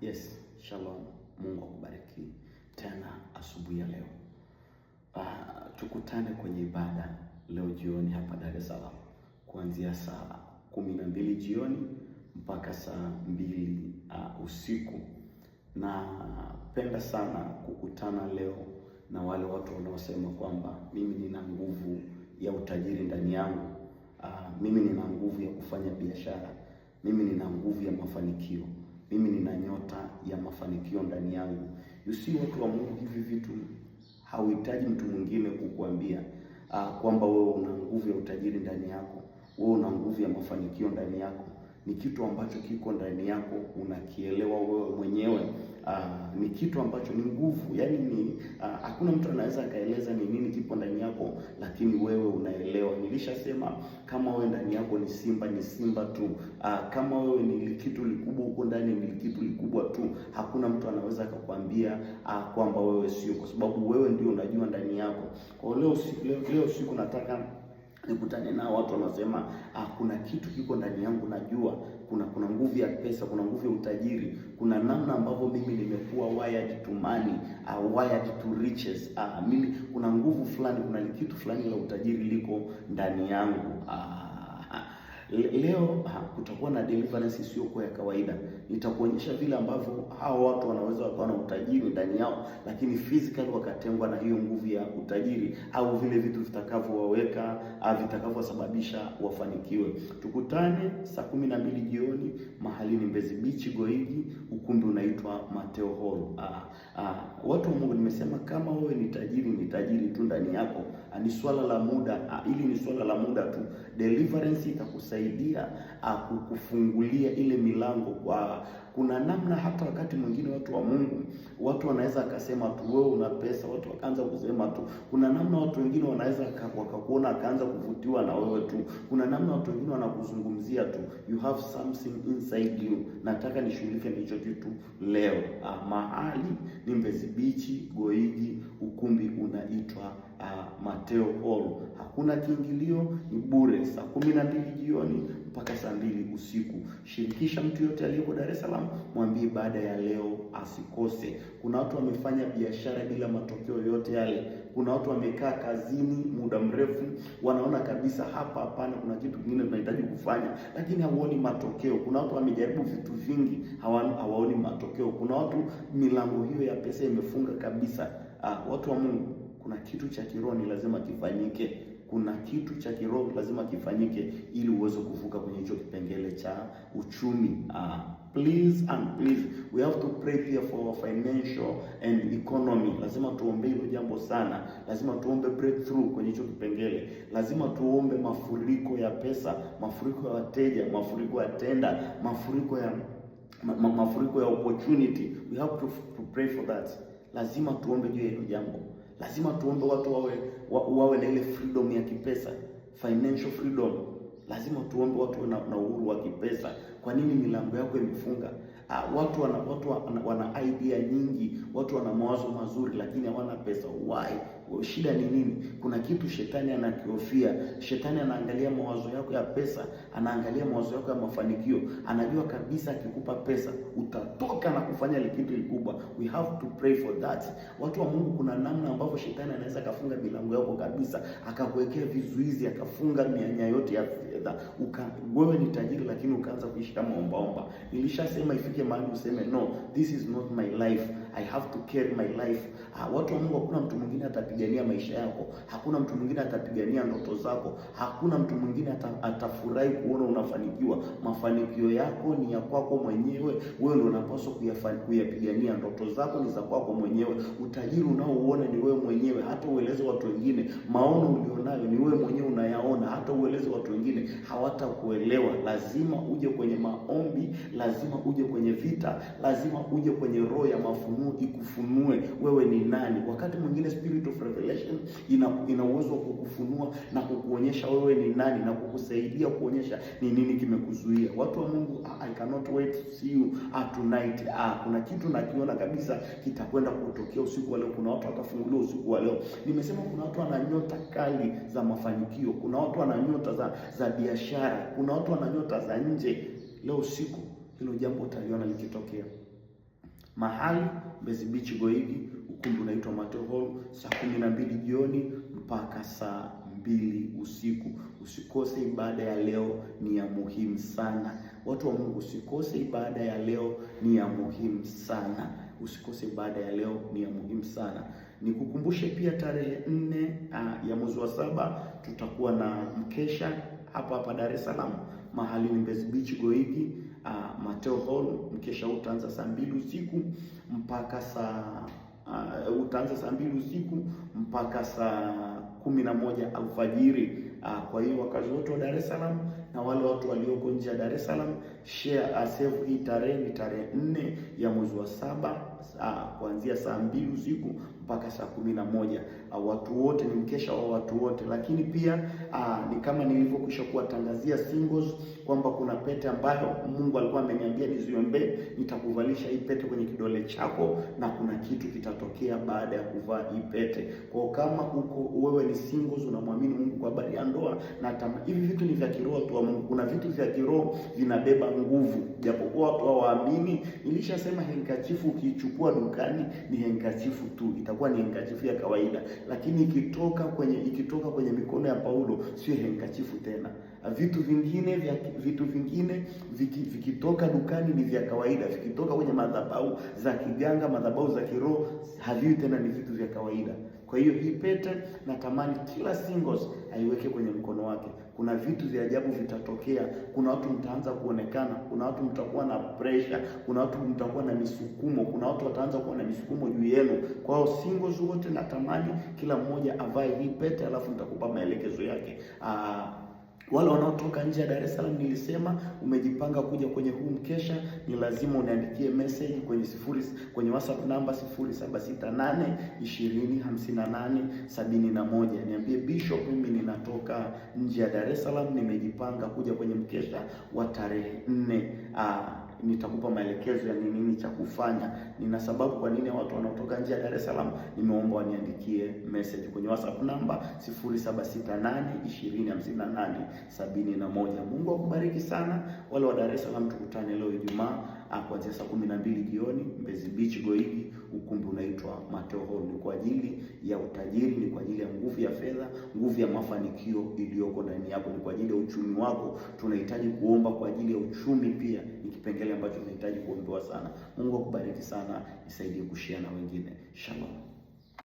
Yes, shalom. Mungu akubariki tena asubuhi ya leo. Uh, tukutane kwenye ibada leo jioni hapa Dar es Salaam kuanzia saa kumi na mbili jioni mpaka saa mbili uh, usiku. Napenda sana kukutana leo na wale watu wanaosema kwamba mimi nina nguvu ya utajiri ndani yangu, uh, mimi nina nguvu ya kufanya biashara, mimi nina nguvu ya mafanikio mimi nina nyota ya mafanikio ndani yangu. You see, watu wa Mungu, hivi vitu hauhitaji mtu mwingine kukuambia ah, kwamba wewe una nguvu ya utajiri ndani yako, wewe una nguvu ya mafanikio ndani yako ni kitu ambacho kiko ndani yako, unakielewa wewe mwenyewe. Uh, ni kitu ambacho ni nguvu, yaani ni ah, hakuna uh, mtu anaweza akaeleza ni nini kipo ndani yako, lakini wewe unaelewa. Nilishasema kama wewe ndani yako ni simba, ni simba tu. Uh, kama wewe ni kitu likubwa huko ndani, ni kitu likubwa tu. Hakuna mtu anaweza akakwambia uh, kwamba wewe sio, kwa sababu wewe ndio unajua ndani yako. Kwa leo leo, leo siku nataka nikutane nao watu wanasema, ah, kuna kitu kiko ndani yangu, najua kuna kuna nguvu ya pesa, kuna nguvu ya utajiri, kuna namna ambavyo mimi nimekuwa wired to money, uh, wired to riches. Uh, mimi kuna nguvu fulani, kuna kitu fulani la utajiri liko ndani yangu uh, Leo ha, ah, kutakuwa na deliverance sio kwa ya kawaida. Nitakuonyesha vile ambavyo hao watu wanaweza wakawa na utajiri ndani yao, lakini physically wakatengwa na hiyo nguvu ya utajiri au vile vitu vitakavyowaweka ah, vitakavyosababisha wafanikiwe. Tukutane saa kumi na mbili jioni mahalini Mbezi Beach Goigi, ukumbi unaitwa Mateo Hall. Ah, ah, watu wa Mungu, nimesema kama wewe ni tajiri, ni tajiri tu ndani yako. Ah, ni swala la muda, ili ni swala la muda tu. Deliverance itakusaidia kukusaidia ah, kukufungulia ile milango kwa kuna namna. Hata wakati mwingine watu wa Mungu, watu wanaweza akasema tu wewe una pesa, watu wakaanza kusema tu. Kuna namna watu wengine wanaweza wakakuona akaanza kuvutiwa na wewe tu. Kuna namna watu wengine wanakuzungumzia tu, you have something inside you. Nataka nishughulike na hicho kitu leo. Ah, mahali ni Mbezi Beach, Goigi, ukumbi unaitwa uh, Mateo Hall. Hakuna kiingilio, ni bure, saa kumi na mbili jioni mpaka saa mbili usiku. Shirikisha mtu yote aliyepo Dar es Salaam, mwambie baada ya leo asikose. Kuna watu wamefanya biashara bila matokeo yote yale. Kuna watu wamekaa kazini muda mrefu, wanaona kabisa hapa hapana, kuna kitu kingine tunahitaji kufanya, lakini hauoni matokeo. Kuna watu wamejaribu vitu vingi, hawaoni matokeo. Kuna watu milango hiyo ya pesa imefunga kabisa. Ah, watu wa Mungu kuna kitu cha kiroho ni lazima kifanyike, kuna kitu cha kiroho lazima kifanyike ili uweze kuvuka kwenye hicho kipengele cha uchumi. Uh, please and please we have to pray here for our financial and economy. Lazima tuombe hilo jambo sana, lazima tuombe breakthrough kwenye hicho kipengele, lazima tuombe mafuriko ya pesa, mafuriko ya wateja, mafuriko ya tenda, mafuriko ya ma, ma, mafuriko ya opportunity. We have to, to pray for that. Lazima tuombe juu ya hilo jambo. Lazima tuombe watu wawe wa, wawe na ile freedom ya kipesa, financial freedom. Lazima tuombe watu na, na uhuru wa kipesa. Kwa nini milango yako imefunga? Ah, watu wana, watu wana, wana idea nyingi, watu wana mawazo mazuri, lakini hawana pesa. Why? shida ni nini? Kuna kitu shetani anakihofia. Shetani anaangalia mawazo yako ya pesa, anaangalia mawazo yako ya mafanikio. Anajua kabisa akikupa pesa utatoka na kufanya kitu kikubwa. We have to pray for that. Watu wa Mungu, kuna namna ambavyo shetani anaweza akafunga milango yako kabisa, akakuwekea vizuizi, akafunga mianya yote ya fedha. Wewe ni tajiri, lakini ukaanza kuishi kama ombaomba. Nilishasema ifike mahali useme no, this is not my life I have to carry my life. Ha, ah, watu wa Mungu, hakuna mtu mwingine atapigania maisha yako, hakuna mtu mwingine atapigania ndoto zako, hakuna mtu mwingine atafurahi kuona unafanikiwa. Mafanikio yako ni ya kwako mwenyewe, wewe ndio unapaswa kuyapigania. Ndoto zako ni za kwako mwenyewe, utajiri unaouona ni wewe mwenyewe, hata ueleze watu wengine. Maono ulionayo ni wewe mwenyewe unayaona, hata ueleze watu wengine, hawatakuelewa. Lazima uje kwenye maombi, lazima uje kwenye vita, lazima uje kwenye roho ya mafunzo ikufunue wewe ni nani. Wakati mwingine spirit of revelation ina ina uwezo wa kukufunua na kukuonyesha wewe ni nani na kukusaidia kuonyesha ni nini kimekuzuia. Watu wa Mungu, ah, I cannot wait to see you ah, tonight. Ah, kuna kitu nakiona kabisa kitakwenda kutokea usiku wa leo. Kuna watu watafunguliwa usiku wa leo. Nimesema kuna watu wana nyota kali za mafanikio, kuna watu wana nyota za za biashara, kuna watu wana nyota za nje. Leo usiku hilo jambo utaliona likitokea mahali Mbezi Beach Goigi, ukumbi unaitwa Mato Hall, saa kumi na mbili jioni mpaka saa mbili usiku. Usikose ibada ya leo, ni ya muhimu sana. Watu wa Mungu, usikose ibada ya leo, ni ya muhimu sana. Usikose ibada ya leo, ni ya muhimu sana. Nikukumbushe pia tarehe nne ah, ya mwezi wa saba tutakuwa na mkesha hapa hapa Dar es Salaam, mahali ni Mbezi Beach Goigi uh, Mateo Hall. Mkesha utaanza saa mbili usiku mpaka saa uh, utaanza saa mbili usiku mpaka saa kumi na moja alfajiri. Uh, kwa hiyo wakazi wote wa Dar es Salaam na wale watu walioko nje ya Dar es Salaam share save hii tarehe ni tarehe nne ya mwezi wa saba uh, kuanzia saa mbili usiku mpaka saa kumi na moja uh, watu wote, ni mkesha wa watu wote, lakini pia uh, ni kama nilivyokwisha kuwatangazia singles kwamba kuna pete ambayo Mungu alikuwa ameniambia niziombe nitakuvalisha hii pete kwenye kidole chako na kuna kitu kitatokea baada ya kuvaa hii pete. Kwa kama uko wewe ni singles unamwamini Mungu kwa habari ya ndoa na tamaa, hivi vitu ni vya kiroho tu wa Mungu. Kuna vitu vya kiroho vinabeba nguvu, japokuwa watu hawaamini. Nilishasema henkachifu ukiichukua dukani ni henkachifu tu, itakuwa ni henkachifu ya kawaida, lakini ikitoka kwenye ikitoka kwenye mikono ya Paulo sio henkachifu tena. Vitu vingine vya vitu vingine viki, vikitoka dukani ni vya kawaida, vikitoka kwenye madhabahu za kiganga, madhabahu za kiroho haviwi tena, ni vitu vya kawaida. Kwa hiyo hii pete natamani kila singles aiweke kwenye mkono wake. Kuna vitu vya ajabu vitatokea. Kuna watu mtaanza kuonekana, kuna watu mtakuwa na pressure, kuna watu mtakuwa na misukumo, kuna watu wataanza kuwa na misukumo juu yenu. Kwa hiyo singles wote natamani kila mmoja avae hii pete, alafu nitakupa maelekezo yake. Aa, ah, wale wanaotoka nje ya Dar es Salaam, nilisema umejipanga kuja kwenye huu mkesha, ni lazima uniandikie message kwenye sifuri, kwenye WhatsApp namba 0768205871 niambie Bishop, mimi ninatoka nje ya Dar es Salaam, nimejipanga kuja kwenye mkesha wa tarehe 4 nitakupa maelekezo ya ni nini cha kufanya. Nina sababu kwa nini watu wanaotoka nje ya Dar es Salaam, nimeomba waniandikie message kwenye WhatsApp namba moja Mungu akubariki sana. Wale wa Dar es Salaam, tukutane leo Ijumaa. Ah, kuanzia saa kumi na mbili jioni Mbezi Beach Goigi. Ukumbi unaitwa Mateo Hall. Ni kwa ajili ya utajiri, ni kwa ajili ya nguvu ya fedha, nguvu ya mafanikio iliyoko ndani yako, ni kwa ajili ya uchumi wako. Tunahitaji kuomba kwa ajili ya uchumi pia, ni kipengele ambacho tunahitaji kuombewa sana. Mungu akubariki sana, nisaidie kushia na wengine. Shalom.